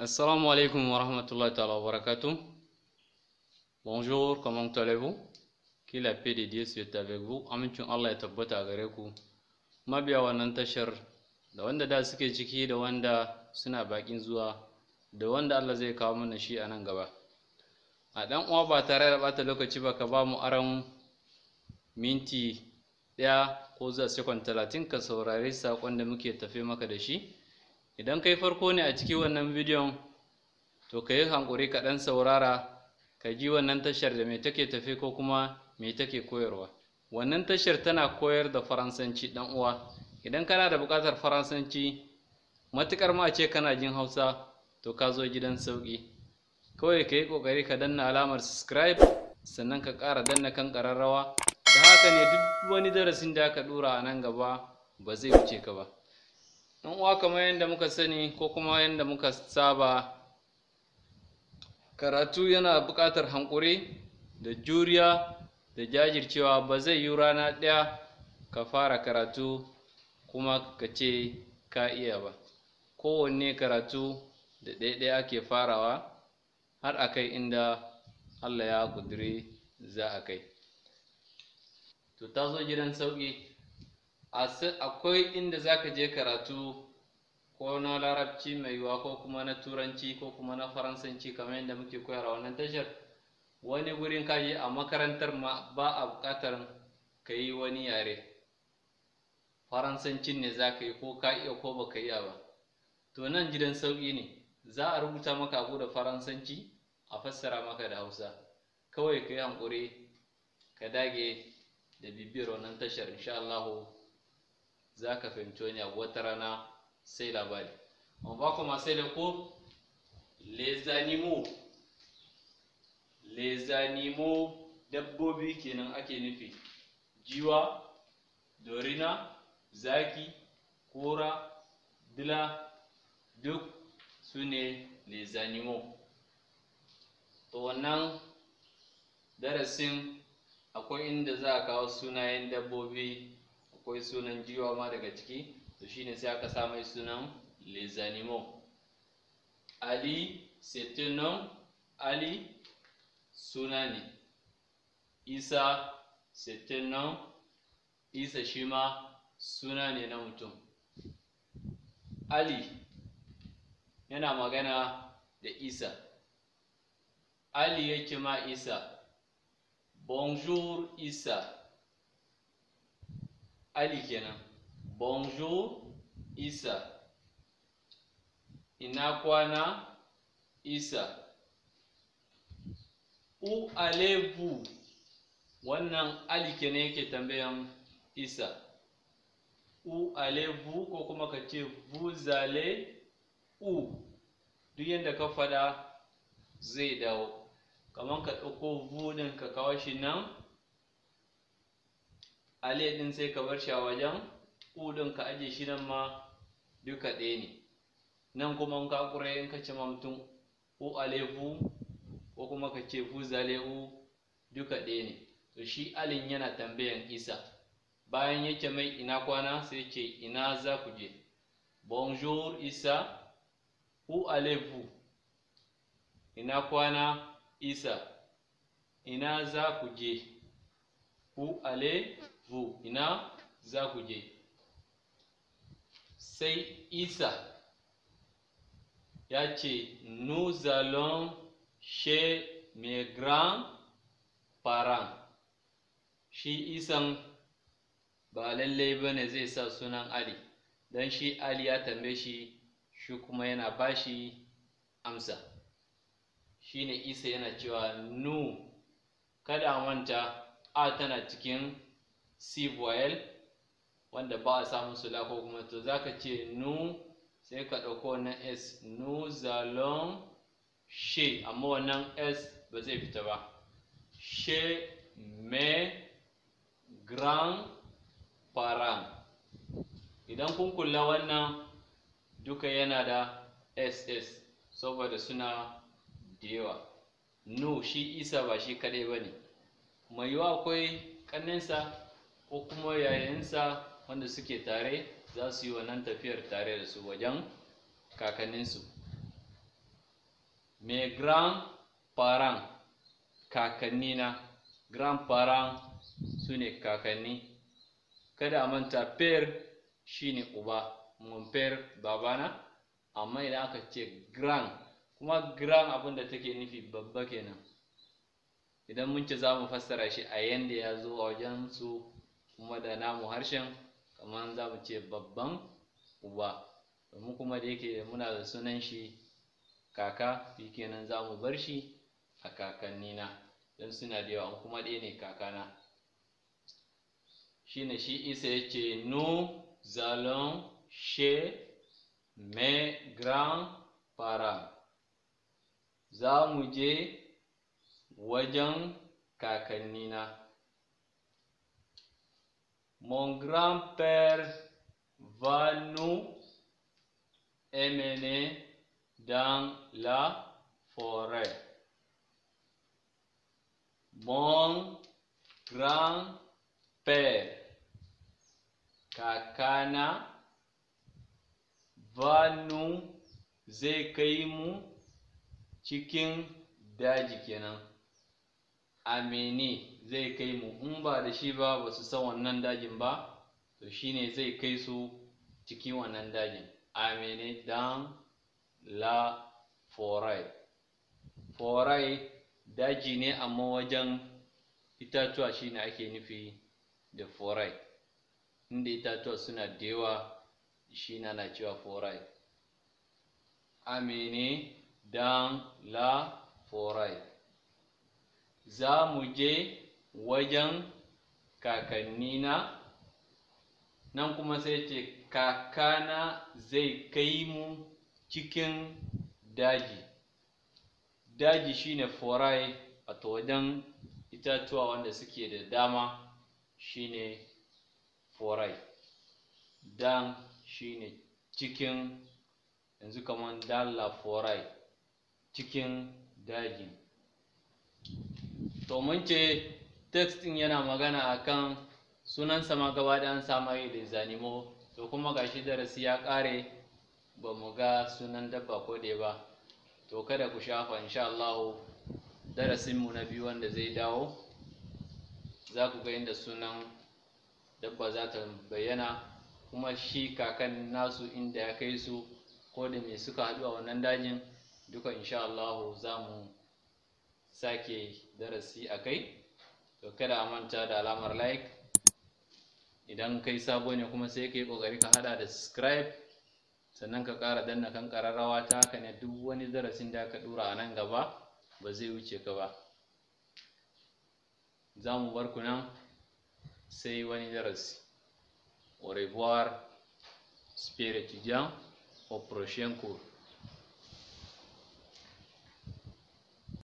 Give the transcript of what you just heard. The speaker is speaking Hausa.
Assalamu alaikum wa rahmatullahi wa barakatuh. Bonjour, comment allez-vous? Que la paix de Dieu soit avec vous. Amincin Allah ya tabbata a gare ku. Mabiya wannan tashar da wanda da suke ciki da wanda suna bakin zuwa da wanda Allah zai kawo mana shi a nan gaba. A dan uwa ba tare da bata lokaci ba ka ba mu aran minti ɗaya ko zuwa sekon talatin ka saurari saƙon da muke tafe maka da shi. idan kai farko ne a ciki wannan bidiyon to ka yi hankuri ka ɗan saurara ka ji wannan tashar da mai take tafe ko kuma mai take koyarwa wannan tashar tana koyar da faransanci ɗan uwa idan kana da buƙatar faransanci matuƙar ma ce kana jin hausa to ka zo gidan sauƙi kawai ka yi ƙoƙari ka danna alamar subscribe sannan ka ƙara danna kan ƙararrawa da haka ne duk wani darasin da aka ɗura a nan gaba ba zai wuce ka ba Ɗan uwa kamar yadda muka sani ko kuma yadda muka saba karatu yana buƙatar hankuri da juriya da jajircewa ba zai yi rana ɗaya ka fara karatu kuma ka ce ka iya ba kowanne karatu da ɗaiɗaya ake farawa har a kai inda Allah ya ƙudiri za a kai to ta zo gidan sauƙi akwai inda zaka je karatu ko na larabci mai yiwuwa ko kuma na turanci ko kuma na faransanci kamar yadda muke koyarwa wannan tashar wani gurin yi a makarantar ma ba a buƙatar ka yi wani yare faransancin ne za ka yi ko ka iya ko ba ka iya ba to nan gidan sauƙi ne za a rubuta maka abu da faransanci a fassara maka da hausa kawai ka yi hankuri ka dage da bibiyar wannan tashar insha Allahu za ka fahimci wani abu wata rana sai labari on ba commencer sai da ko lezanimo lezanimo dabbobi kenan ake nufi jiwa dorina zaki kora dila duk su ne lezanimo to wannan darasin akwai inda za a kawo sunayen dabbobi akwai sunan jiwa ma daga ciki to shine sai aka sa mai sunan les animaux ali c'est un nom ali suna isa c'est un nom isa shi na mutum ali yana magana da isa ali yake ma isa bonjour isa Ali kenan. Bonjour Isa. Ina kwana Isa. U allez Wannan Ali kenan yake tambayan Isa. U allez ko kuma ka ce vous u Duk yadda ka fada zai dawo. Kamar ka ɗauko buɗin ka kawo shi nan. ale din sai ka bar shi a wajen u din ka aje shi nan ma duka ɗaya ne nan kuma in ka kure in ka ce ma mutum u alefu ko kuma ka ce fu zale'u duka ɗaya ne to shi alin yana tambayan isa bayan yake mai ina kwana sai ce ina za ku je bonjour isa u alefu ina kwana isa ina za ku je u ale Bu ina za ku je sai isa ya ce nous allons chez mes grands parents shi isan ba lallai ba ne zai sa sunan ali don shi ali ya tambaye shi shi kuma yana bashi amsa shine isa yana cewa nu kada manta a tana cikin c wanda ba a samun sula ko kuma to za ka ce nu sai ka ɗauko wannan s nu zalon she amma wannan s ba zai fita ba she me grand parent idan kun kula wannan duka yana da ss saboda suna da yawa nu shi isa ba shi kaɗai ba ne mai yiwa akwai ƙaninsa ko kuma yayansa wanda suke tare za su yi wannan tafiyar tare da su wajen kakanninsu mai grand kakanni kakannina grand parent su ne kakanni kada a manta shi shine uba mon babana amma idan aka ce grand kuma grand abin da take nufi babba kenan idan mun ce za mu fassara shi a yanda ya zo a wajen su kuma da namu harshen kamar za mu ce babban uba domin kuma da yake muna da sunan shi kaka shi kenan za mu bar shi a kakannina don suna da yawa kuma ɗaya ne kakana ne shi isa ya ce nu zalon she me grand para za mu je wajen kakannina Mon grand-père va nous emmener dans la forêt. Mon grand-père, kakana, va nous zai kai mu cikin daji kenan. a mene zai kai mu in ba da shi ba ba su san wannan dajin ba to shine zai kai su cikin wannan dajin a mene dan la forai forai daji ne amma wajen itatuwa shine ake nufi da forai inda itatuwa suna da yawa shi na cewa forai a mene dan la forai za mu je wajen kakannina nan kuma sai ce kakana zai kai mu cikin daji daji shine forai wato wajen itatuwa wanda suke da dama shine forai dan shine cikin yanzu kaman dalla forai cikin daji to mun ce text ɗin yana magana akan sunansa ma gaba da an samu yi da zanimo to kuma gashi darasi ya kare ba mu ga sunan dabba ko ɗaya ba to kada ku shafa insha Allah darasinmu na biyu wanda zai dawo za ku ga inda sunan dabba za ta bayyana kuma shi kakan nasu inda ya kai su ko da me suka haɗu a wannan dajin duka insha Allah za mu sake darasi a kai to kada a manta da alamar like idan kai sabo ne kuma sai kai kokari ka hada da subscribe sannan ka kara danna kan kararrawa ta haka ne duk wani darasin da ka dura a nan gaba ba zai wuce ka ba za mu bar ku nan sai wani darasi au revoir spirit au prochain cours